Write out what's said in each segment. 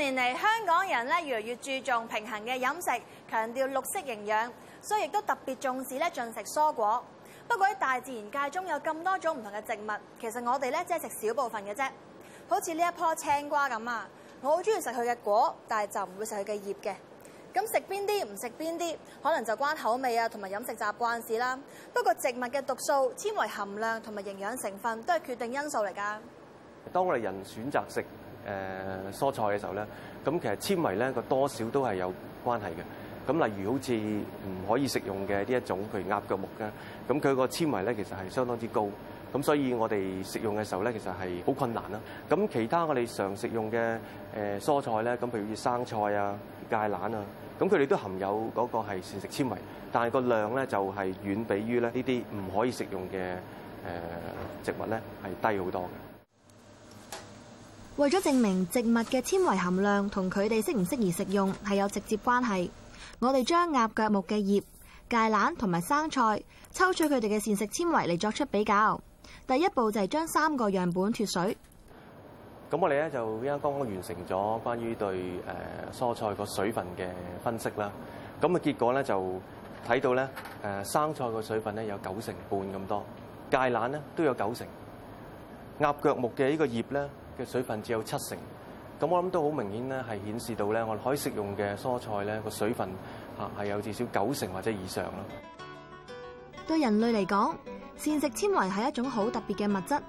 近年嚟，香港人咧越嚟越注重平衡嘅飲食，強調綠色營養，所以亦都特別重視咧進食蔬果。不過喺大自然界中有咁多種唔同嘅植物，其實我哋咧只係食少部分嘅啫。好似呢一棵青瓜咁啊，我好中意食佢嘅果，但係就唔會食佢嘅葉嘅。咁食邊啲唔食邊啲，可能就關口味啊同埋飲食習慣事啦。不過植物嘅毒素、纖維含量同埋營養成分都係決定因素嚟㗎。當我哋人選擇食誒、呃、蔬菜嘅時候咧，咁其實纖維咧個多少都係有關係嘅。咁例如好似唔可以食用嘅呢一種，譬如鴨腳木嘅，咁佢個纖維咧其實係相當之高。咁所以我哋食用嘅時候咧，其實係好困難啦。咁其他我哋常食用嘅誒蔬菜咧，咁譬如生菜啊、芥蘭啊，咁佢哋都含有嗰個係膳食纖維，但係個量咧就係遠比於咧呢啲唔可以食用嘅誒植物咧係低好多嘅。為咗證明植物嘅纖維含量同佢哋適唔適宜食用係有直接關係，我哋將鴨腳木嘅葉、芥蘭同埋生菜抽取佢哋嘅膳食纖維嚟作出比較。第一步就係將三個樣本脫水。咁我哋咧就依家剛剛完成咗關於對誒蔬菜個水分嘅分析啦。咁啊，結果咧就睇到咧誒生菜個水分咧有九成半咁多，芥蘭咧都有九成，鴨腳木嘅呢個葉咧，嘅水分只有七成，咁我諗都好明顯咧，係顯示到咧，我哋可以食用嘅蔬菜咧個水分吓，係有至少九成或者以上啦。對人類嚟講，膳食纖維係一種好特別嘅物質，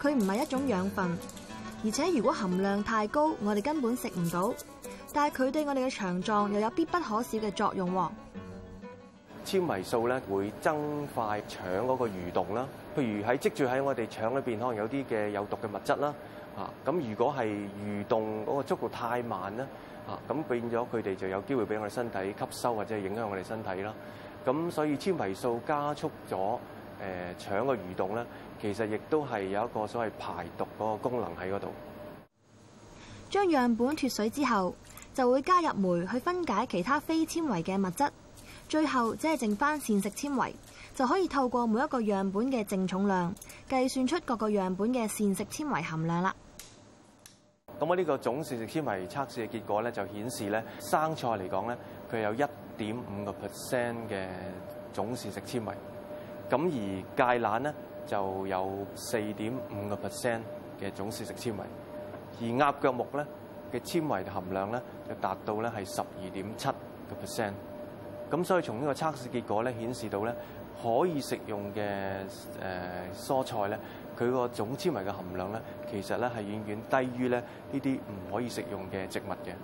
佢唔係一種養分，而且如果含量太高，我哋根本食唔到。但係佢對我哋嘅腸臟又有必不可少嘅作用。纖維素咧會增快腸嗰個蠕動啦，譬如喺積住喺我哋腸裏邊可能有啲嘅有毒嘅物質啦。啊！咁如果係蠕動嗰、那個速度太慢咧，啊咁變咗佢哋就有機會俾我哋身體吸收或者影響我哋身體啦。咁所以纖維素加速咗誒、呃、腸嘅蠕動咧，其實亦都係有一個所謂排毒嗰個功能喺嗰度。將樣本脫水之後，就會加入酶去分解其他非纖維嘅物質，最後只係剩翻膳食纖維，就可以透過每一個樣本嘅淨重量計算出各個樣本嘅膳食纖維含量啦。咁、這、呢個總膳食纖維測試嘅結果咧，就顯示咧生菜嚟講咧，佢有一點五個 percent 嘅總膳食纖維，咁而芥蘭咧就有四點五個 percent 嘅總膳食纖維，而鴨腳木咧嘅纖維含量咧就達到咧係十二點七個 percent，咁所以從呢個測試結果咧顯示到咧可以食用嘅誒蔬菜咧。佢個總纖維嘅含量咧，其實咧係遠遠低於咧呢啲唔可以食用嘅植物。嘅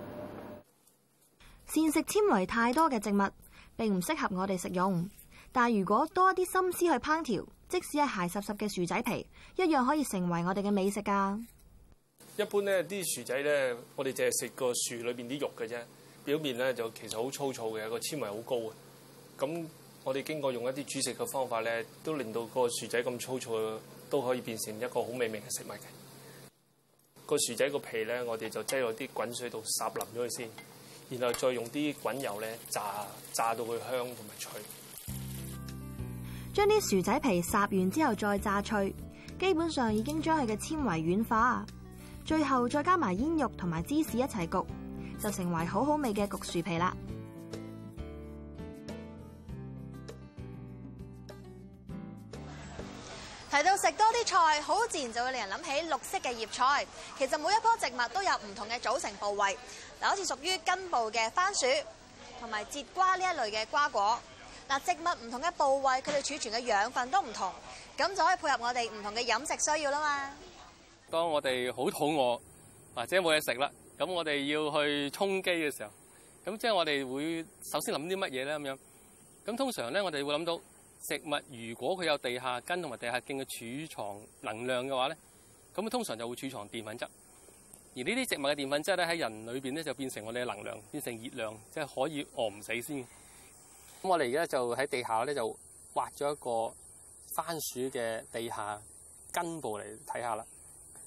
膳食纖維太多嘅植物並唔適合我哋食用。但係如果多一啲心思去烹調，即使係鞋濕濕嘅薯仔皮，一樣可以成為我哋嘅美食㗎。一般呢啲薯仔咧，我哋淨係食個薯裏邊啲肉嘅啫，表面咧就其實好粗糙嘅，個纖維好高。咁我哋經過用一啲煮食嘅方法咧，都令到個薯仔咁粗糙，都可以變成一個好美味嘅食物。嘅個薯仔個皮咧，我哋就擠落啲滾水度烚腍咗佢先，然後再用啲滾油咧炸，炸到佢香同埋脆。將啲薯仔皮烚完之後再炸脆，基本上已經將佢嘅纖維軟化。最後再加埋煙肉同埋芝士一齊焗，就成為好好味嘅焗薯皮啦。提到食多啲菜，好自然就會令人諗起綠色嘅葉菜。其實每一棵植物都有唔同嘅組成部位，嗱，好似屬於根部嘅番薯同埋節瓜呢一類嘅瓜果。嗱，植物唔同嘅部位，佢哋儲存嘅養分都唔同，咁就可以配合我哋唔同嘅飲食需要啦嘛。當我哋好肚餓或者冇嘢食啦，咁我哋要去充飢嘅時候，咁即係我哋會首先諗啲乜嘢咧？咁樣，咁通常咧，我哋會諗到。植物如果佢有地下根同埋地下莖嘅儲藏能量嘅話，咧，咁啊通常就會儲藏澱粉質。而呢啲植物嘅澱粉質咧喺人裏邊咧就變成我哋嘅能量，變成熱量，即係可以餓唔死先。咁我哋而家就喺地下咧就挖咗一個番薯嘅地下根部嚟睇下啦。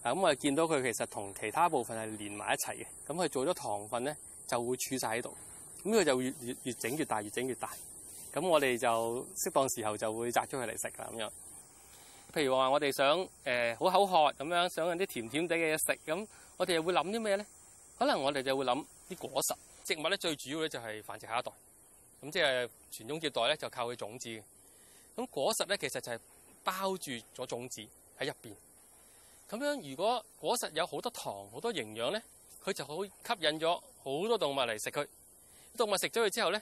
咁我哋見到佢其實同其他部分係連埋一齊嘅。咁佢做咗糖分咧就會儲晒喺度。咁佢就會越越越整越大，越整越大。咁我哋就適當時候就會摘出去嚟食啦，咁樣。譬如話我哋想呃、好口渴咁樣，想揾啲甜甜哋嘅嘢食，咁我哋會諗啲咩咧？可能我哋就會諗啲果實。植物咧最主要咧就係繁殖下一代，咁即係傳宗接代咧就靠佢種子。咁果實咧其實就係包住咗種子喺入邊。咁樣如果果實有好多糖、好多營養咧，佢就好吸引咗好多動物嚟食佢。動物食咗佢之後咧，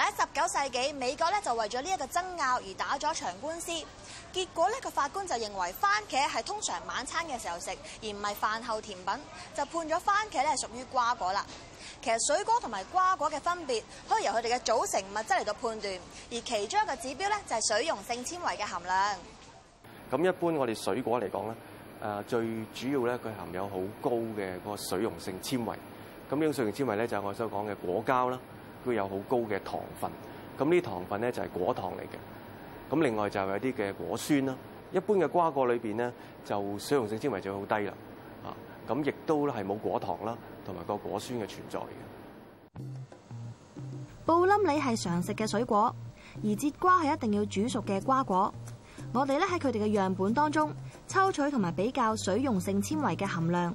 喺十九世紀，美國咧就為咗呢一個爭拗而打咗場官司，結果呢個法官就認為番茄係通常晚餐嘅時候食，而唔係飯後甜品，就判咗番茄咧屬於瓜果啦。其實水果同埋瓜果嘅分別可以由佢哋嘅組成物質嚟到判斷，而其中一個指標咧就係水溶性纖維嘅含量。咁一般我哋水果嚟講咧，誒最主要咧佢含有好高嘅嗰個水溶性纖維，咁呢種水溶纖維咧就係我所講嘅果膠啦。佢有好高嘅糖分，咁呢糖分呢就係果糖嚟嘅，咁另外就係有啲嘅果酸啦。一般嘅瓜果裏邊呢，就水溶性纖維就好低啦，啊，咁亦都咧係冇果糖啦，同埋個果酸嘅存在嘅。布冧李係常食嘅水果，而節瓜係一定要煮熟嘅瓜果。我哋咧喺佢哋嘅樣本當中抽取同埋比較水溶性纖維嘅含量。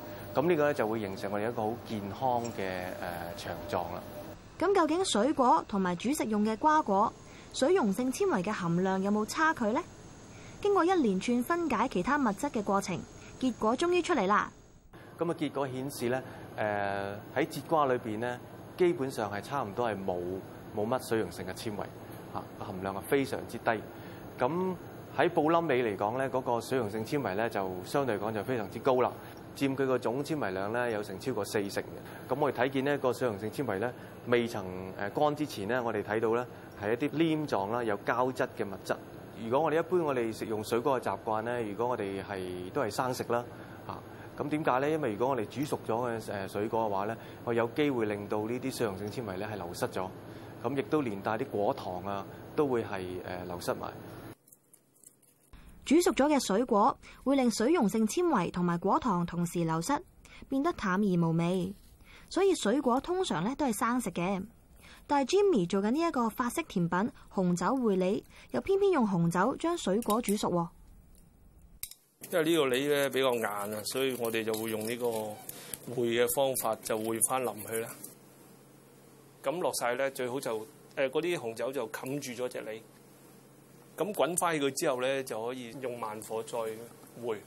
咁呢個咧就會形成我哋一個好健康嘅誒腸臟啦。咁究竟水果同埋煮食用嘅瓜果水溶性纖維嘅含量有冇差距咧？經過一連串分解其他物質嘅過程，結果終於出嚟啦。咁啊，結果顯示咧，喺、呃、節瓜裏面咧，基本上係差唔多係冇冇乜水溶性嘅纖維嚇，含量係非常之低。咁喺布冧尾嚟講咧，嗰、嗰個水溶性纖維咧就相對講就非常之高啦。佔佢個總纖維量咧有成超過四成嘅，咁我哋睇見呢個水溶性纖維咧，未曾誒乾之前咧，我哋睇到咧係一啲黏狀啦，有膠質嘅物質。如果我哋一般我哋食用水果嘅習慣咧，如果我哋係都係生食啦，嚇，咁點解咧？因為如果我哋煮熟咗嘅誒水果嘅話咧，我有機會令到呢啲水溶性纖維咧係流失咗，咁亦都連帶啲果糖啊都會係誒流失埋。煮熟咗嘅水果會令水溶性纖維同埋果糖同時流失，變得淡而無味，所以水果通常咧都係生食嘅。但係 Jimmy 做緊呢一個法式甜品紅酒燴梨，又偏偏用紅酒將水果煮熟。因為呢個梨咧比較硬啊，所以我哋就會用呢個燴嘅方法就燴翻淋去啦。咁落晒咧，最好就誒嗰啲紅酒就冚住咗隻梨。咁滾翻起佢之後咧，就可以用慢火再煨。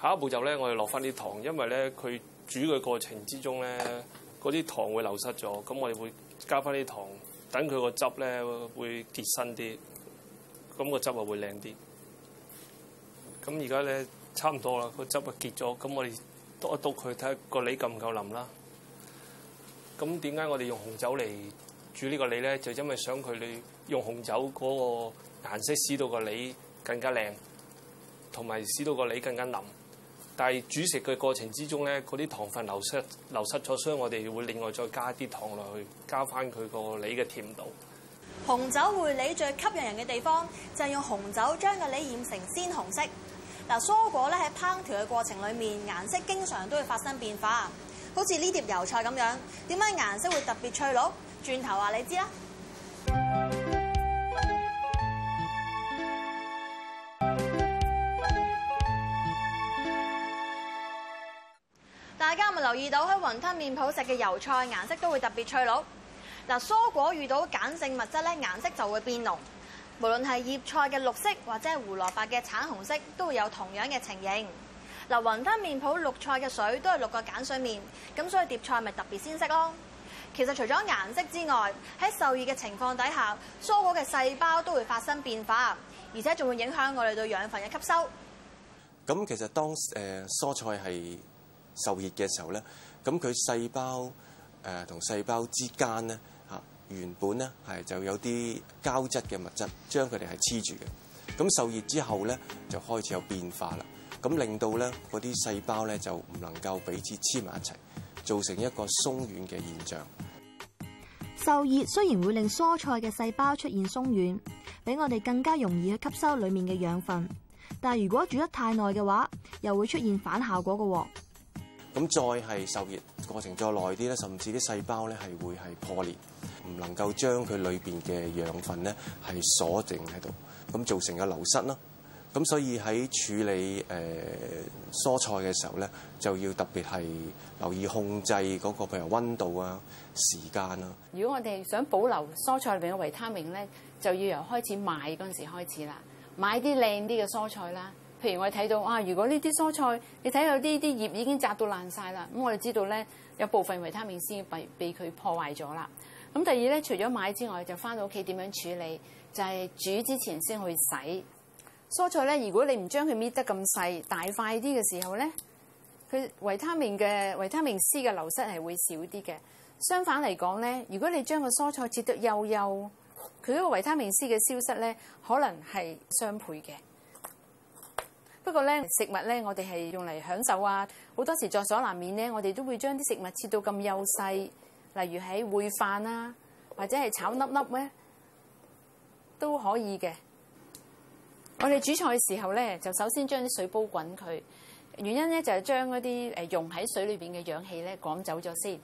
下一步就咧，我哋落翻啲糖，因為咧佢煮嘅過程之中咧，嗰啲糖會流失咗。咁我哋會加翻啲糖，等佢個汁咧會結身啲。咁、嗯、個汁啊會靚啲。咁而家咧差唔多啦，個汁啊結咗。咁我哋篤一篤佢，睇下個梨夠唔夠腍啦。咁點解我哋用紅酒嚟煮呢個梨咧？就因為想佢你。用紅酒嗰個顏色，使到個梨更加靚，同埋使到個梨更加腍。但係煮食嘅過程之中咧，嗰啲糖分流失流失咗，所以我哋會另外再加啲糖落去，加翻佢個梨嘅甜度。紅酒燴梨最吸引人嘅地方就係用紅酒將個梨染成鮮紅色。嗱、嗯，蔬果咧喺烹調嘅過程裡面，顏色經常都會發生變化，好似呢碟油菜咁樣，點解顏色會特別翠綠？轉頭話你知啦。留意到喺雲吞麵鋪食嘅油菜顏色都會特別翠綠。嗱，蔬果遇到鹼性物質咧，顏色就會變濃。無論係葉菜嘅綠色或者係胡蘿蔔嘅橙紅色，都會有同樣嘅情形。嗱、嗯，雲吞麵鋪綠菜嘅水都係綠過鹼水面，咁所以碟菜咪特別鮮色咯。其實除咗顏色之外，喺受熱嘅情況底下，蔬果嘅細胞都會發生變化，而且仲會影響我哋對養分嘅吸收。咁其實當誒、呃、蔬菜係。受熱嘅時候咧，咁佢細胞誒同細胞之間咧嚇原本咧係就有啲膠質嘅物質將佢哋係黐住嘅。咁受熱之後咧就開始有變化啦。咁令到咧嗰啲細胞咧就唔能夠彼此黐埋一齊，造成一個鬆軟嘅現象。受熱雖然會令蔬菜嘅細胞出現鬆軟，俾我哋更加容易去吸收裡面嘅養分，但係如果煮得太耐嘅話，又會出現反效果嘅哦。咁再係受熱過程再耐啲咧，甚至啲細胞咧係會係破裂，唔能夠將佢裏邊嘅養分咧係鎖定喺度，咁造成嘅流失咯。咁所以喺處理誒、呃、蔬菜嘅時候咧，就要特別係留意控制嗰個譬如温度啊、時間啦、啊。如果我哋想保留蔬菜裏邊嘅維他命咧，就要由開始買嗰陣時開始啦，買啲靚啲嘅蔬菜啦。譬如我哋睇到啊，如果呢啲蔬菜，你睇到呢啲葉已經摘到爛晒啦，咁我就知道咧有部分維他命 C 被被佢破壞咗啦。咁第二咧，除咗買之外，就翻到屋企點樣處理，就係煮之前先去洗蔬菜咧。如果你唔將佢搣得咁細大塊啲嘅時候咧，佢維他命嘅維他命 C 嘅流失係會少啲嘅。相反嚟講咧，如果你將個蔬菜切得幼幼，佢嗰個維他命 C 嘅消失咧，可能係雙倍嘅。不過咧，食物咧，我哋係用嚟享受啊。好多時在所難免咧，我哋都會將啲食物切到咁幼細，例如喺燴飯啊，或者係炒粒粒咧都可以嘅。我哋煮菜嘅時候咧，就首先將啲水煲滾佢，原因咧就係將嗰啲誒溶喺水裏邊嘅氧氣咧趕走咗先，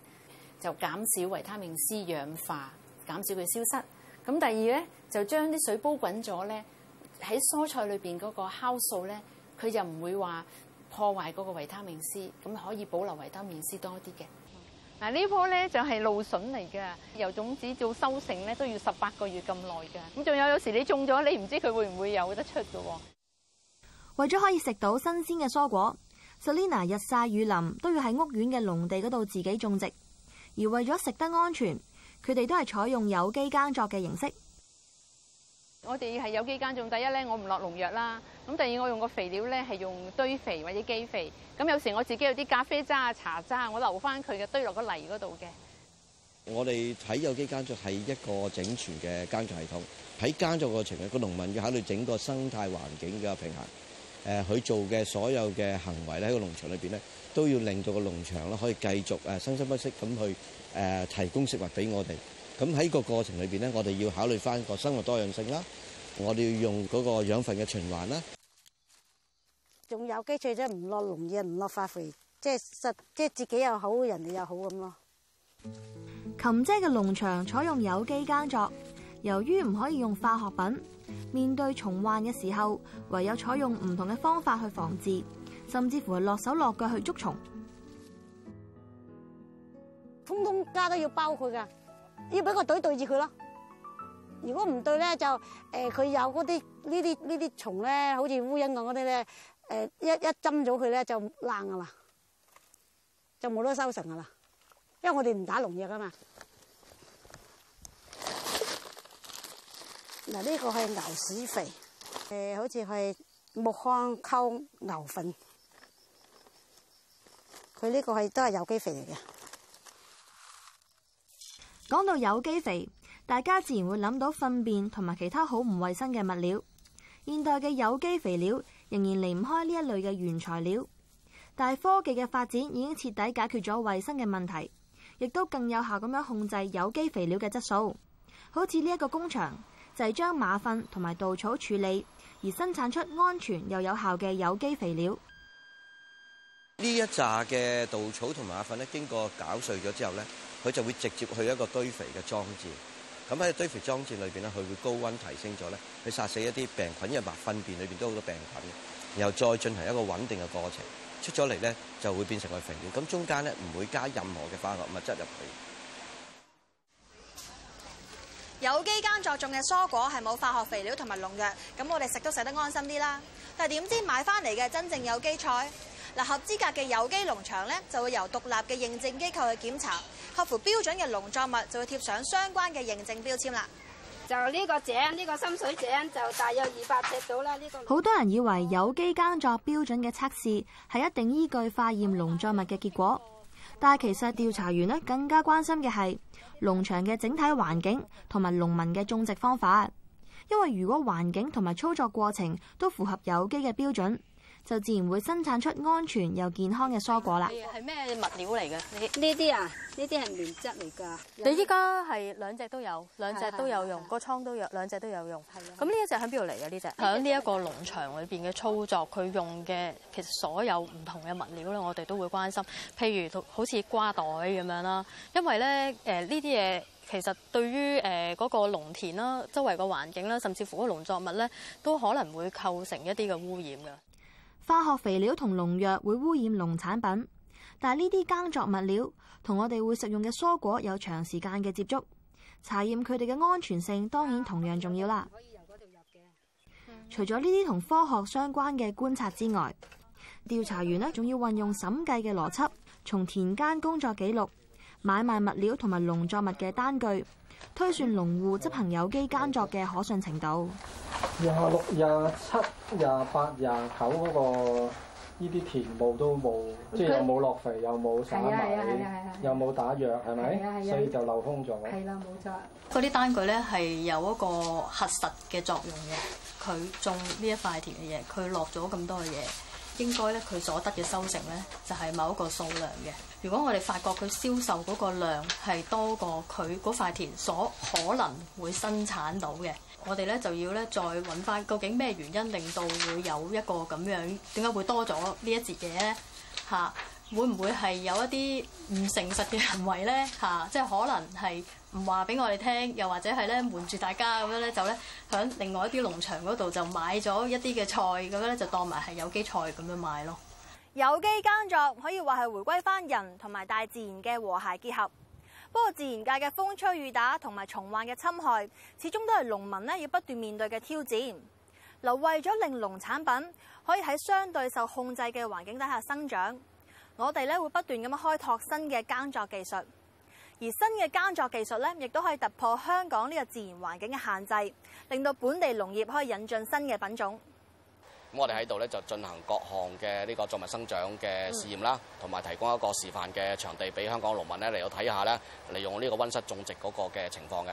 就減少維他命 C 氧化，減少佢消失。咁第二咧就將啲水煲滾咗咧，喺蔬菜裏邊嗰個酵素咧。佢就唔會話破壞嗰個維他命 C，咁可以保留維他命 C 多啲嘅。嗱呢棵咧就係露筍嚟嘅，由種子做收成咧都要十八個月咁耐嘅。咁仲有有時你種咗，你唔知佢會唔會有得出嘅喎。為咗可以食到新鮮嘅蔬果，Selina 日曬雨淋都要喺屋苑嘅農地嗰度自己種植，而為咗食得安全，佢哋都係採用有機耕作嘅形式。我哋係有機耕種，第一咧我唔落農藥啦，咁第二我用個肥料咧係用堆肥或者基肥，咁有時我自己有啲咖啡渣啊、茶渣啊，我留翻佢嘅堆落個泥嗰度嘅。我哋睇有機耕種係一個整全嘅耕種系統，喺耕種過程，個農民要考慮整個生態環境嘅平衡。誒、呃，佢做嘅所有嘅行為咧喺個農場裏邊咧，都要令到個農場咧可以繼續誒生生不息咁去誒、呃、提供食物俾我哋。咁喺個過程裏邊咧，我哋要考慮翻個生物多樣性啦，我哋要用嗰個養分嘅循環啦，仲有機脆啫，唔落農藥，唔落化肥，即係實，即係自己又好，人哋又好咁咯。琴姐嘅農場採用有機耕作，由於唔可以用化學品，面對蟲患嘅時候，唯有採用唔同嘅方法去防治，甚至乎係落手落腳去捉蟲，通通家都要包佢噶。要俾個袋對住佢咯，如果唔對咧就，誒，佢有嗰啲呢啲呢啲蟲咧，好似烏蠅咁嗰啲咧，誒一一針咗佢咧就爛啊嘛，就冇得收成㗎喇，因為我哋唔打農藥啊嘛。嗱呢個係牛屎肥，誒好似係木糠溝牛糞，佢呢個係都係有機肥嚟嘅。講到有機肥，大家自然會諗到糞便同埋其他好唔衛生嘅物料。現代嘅有機肥料仍然離唔開呢一類嘅原材料，但係科技嘅發展已經徹底解決咗衛生嘅問題，亦都更有效咁樣控制有機肥料嘅質素。好似呢一個工場就係、是、將馬糞同埋稻草處理而生產出安全又有效嘅有機肥料。呢一紮嘅稻草同馬糞咧，經過攪碎咗之後呢。佢就會直接去一個堆肥嘅裝置，咁喺堆肥裝置裏邊咧，佢會高溫提升咗咧，去殺死一啲病菌，因為糞便裏邊都好多病菌，然後再進行一個穩定嘅過程，出咗嚟咧就會變成個肥料。咁中間咧唔會加任何嘅化學物質入去。有機耕作種嘅蔬果係冇化學肥料同埋農藥，咁我哋食都食得安心啲啦。但係點知買翻嚟嘅真正有機菜？嗱，合資格嘅有機農場咧，就會由獨立嘅認證機構去檢查，合乎標準嘅農作物就會貼上相關嘅認證標籤啦。就呢個井，呢個深水井就大約二百尺到啦。呢個好多人以為有機耕作標準嘅測試係一定依據化驗農作物嘅結果，但係其實調查員咧更加關心嘅係農場嘅整體環境同埋農民嘅種植方法，因為如果環境同埋操作過程都符合有機嘅標準，就自然會生產出安全又健康嘅蔬果啦。係咩物料嚟嘅？呢啲啊，呢啲係棉質嚟噶。你依家係兩隻都有，兩隻都有用，個倉都有，兩隻都有用。咁呢一隻喺邊度嚟嘅？呢隻喺呢一個農場裏邊嘅操作，佢用嘅其實所有唔同嘅物料咧，我哋都會關心。譬如好似瓜袋咁樣啦，因為咧誒，呢啲嘢、呃、其實對於誒嗰個農田啦、周圍個環境啦，甚至乎嗰農作物咧，都可能會構成一啲嘅污染噶。化學肥料同農藥會污染農產品，但係呢啲耕作物料同我哋會食用嘅蔬果有長時間嘅接觸，查驗佢哋嘅安全性當然同樣重要啦。除咗呢啲同科學相關嘅觀察之外，調查員咧仲要運用審計嘅邏輯，從田間工作記錄、買賣物料同埋農作物嘅單據，推算農戶執行有機耕作嘅可信程度。廿六、廿七、廿八、廿九嗰個，呢啲田務都冇，okay. 即係又冇落肥，又冇撒埋又冇打藥，係、yeah, 咪、yeah, yeah.？Yeah, yeah, yeah. 所以就漏空咗。係、yeah, 啦、yeah, yeah.，冇錯。嗰啲單據咧係有一個核實嘅作用嘅。佢種呢一塊田嘅嘢，佢落咗咁多嘅嘢，應該咧佢所得嘅收成咧就係某一個數量嘅。如果我哋發覺佢銷售嗰個量係多過佢嗰塊田所可能會生產到嘅。我哋咧就要咧再揾翻，究竟咩原因令到會有一個咁樣？點解會多咗呢一節嘢咧？嚇，會唔會係有一啲唔誠實嘅行為咧？嚇，即係可能係唔話俾我哋聽，又或者係咧瞞住大家咁樣咧，就咧響另外一啲農場嗰度就買咗一啲嘅菜，咁樣咧就當埋係有機菜咁樣買咯。有機耕作可以話係回歸翻人同埋大自然嘅和諧結合。不過，自然界嘅風吹雨打同埋蟲患嘅侵害，始終都係農民咧要不斷面對嘅挑戰。嗱，為咗令農產品可以喺相對受控制嘅環境底下生長，我哋咧會不斷咁樣開拓新嘅耕作技術，而新嘅耕作技術咧，亦都可以突破香港呢個自然環境嘅限制，令到本地農業可以引進新嘅品種。我哋喺度咧就進行各項嘅呢個作物生長嘅試驗啦，同、嗯、埋提供一個示範嘅場地俾香港農民咧嚟到睇下咧，利用呢個溫室種植嗰個嘅情況嘅。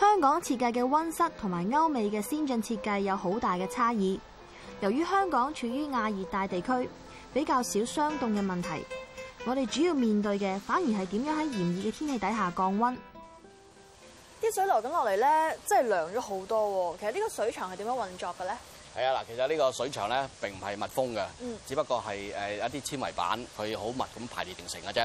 香港設計嘅溫室同埋歐美嘅先進設計有好大嘅差異。由於香港處於亞熱帶地區，比較少霜凍嘅問題，我哋主要面對嘅反而係點樣喺炎熱嘅天氣底下降溫。啲水流緊落嚟咧，真係涼咗好多。其實呢個水牆係點樣運作嘅咧？係啊，嗱，其實呢個水牆咧並唔係密封嘅，嗯、只不過係誒一啲纖維板佢好密咁排列形成嘅啫。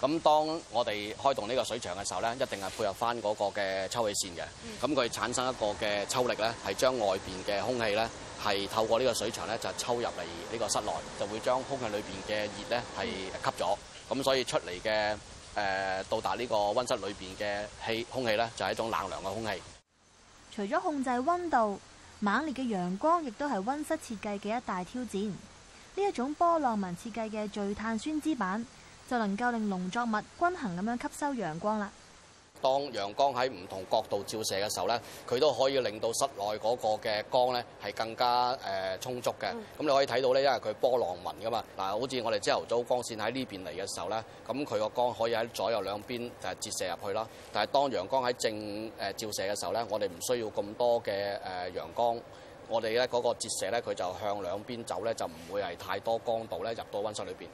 咁、嗯、當我哋開動呢個水牆嘅時候咧，一定係配合翻嗰個嘅抽氣扇嘅。咁、嗯、佢產生一個嘅抽力咧，係將外邊嘅空氣咧係透過呢個水牆咧就抽入嚟呢個室內，就會將空氣裏邊嘅熱咧係吸咗。咁、嗯、所以出嚟嘅誒到達呢個溫室裏邊嘅氣空氣咧就係一種冷涼嘅空氣。除咗控制溫度。猛烈嘅陽光亦都係温室設計嘅一大挑戰。呢一種波浪紋設計嘅聚碳酸酯板，就能夠令農作物均衡咁樣吸收陽光啦。當陽光喺唔同角度照射嘅時候呢，佢都可以令到室內嗰個嘅光呢係更加誒、呃、充足嘅。咁、嗯、你可以睇到呢，因為佢波浪紋㗎嘛。嗱，好似我哋朝頭早光線喺呢邊嚟嘅時候呢，咁佢個光可以喺左右兩邊誒折射入去啦。但係當陽光喺正誒照射嘅時候呢，我哋唔需要咁多嘅誒陽光，我哋咧嗰個折射呢，佢就向兩邊走呢，就唔會係太多光度咧入到温室裏邊。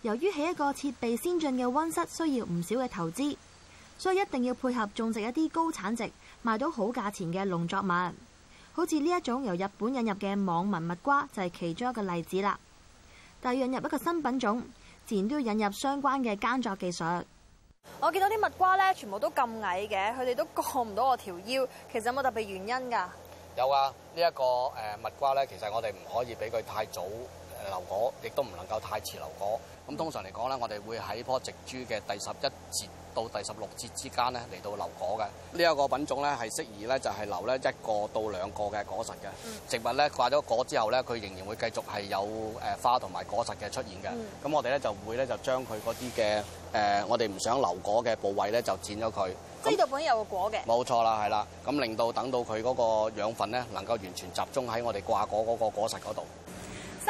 由於起一個設備先進嘅温室需要唔少嘅投資。所以一定要配合種植一啲高產值、賣到好價錢嘅農作物，好似呢一種由日本引入嘅網紋蜜瓜就係其中一個例子啦。但係引入一個新品種，自然都要引入相關嘅耕作技術。我見到啲蜜瓜咧，全部都咁矮嘅，佢哋都過唔到我條腰，其實有冇特別原因㗎？有啊，呢一個蜜瓜咧，其實我哋唔可以俾佢太早。留果亦都唔能夠太遲留果，咁、嗯、通常嚟講咧，我哋會喺棵植株嘅第十一節到第十六節之間咧嚟到留果嘅。呢、嗯、一個品種咧係適宜咧就係留咧一個到兩個嘅果實嘅。嗯、植物咧掛咗果之後咧，佢仍然會繼續係有誒花同埋果實嘅出現嘅。咁、嗯、我哋咧就會咧就將佢嗰啲嘅誒我哋唔想留果嘅部位咧就剪咗佢。呢、嗯、度本身有個果嘅。冇錯啦，係啦，咁令到等到佢嗰個養分咧能夠完全集中喺我哋掛果嗰個果實嗰度。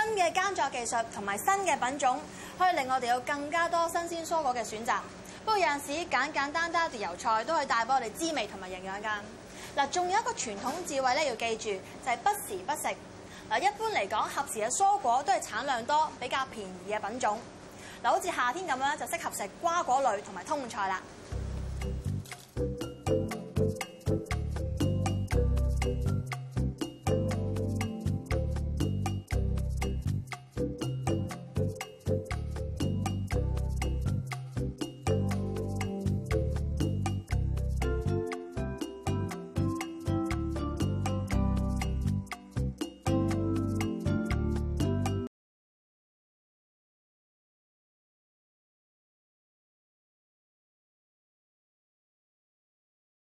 新嘅耕作技術同埋新嘅品種，可以令我哋有更加多新鮮蔬果嘅選擇。不過有陣時簡簡單單啲油菜都可以帶俾我哋滋味同埋營養㗎。嗱，仲有一個傳統智慧咧，要記住就係不時不食。嗱，一般嚟講，合時嘅蔬果都係產量多、比較便宜嘅品種。嗱，好似夏天咁樣，就適合食瓜果類同埋通菜啦。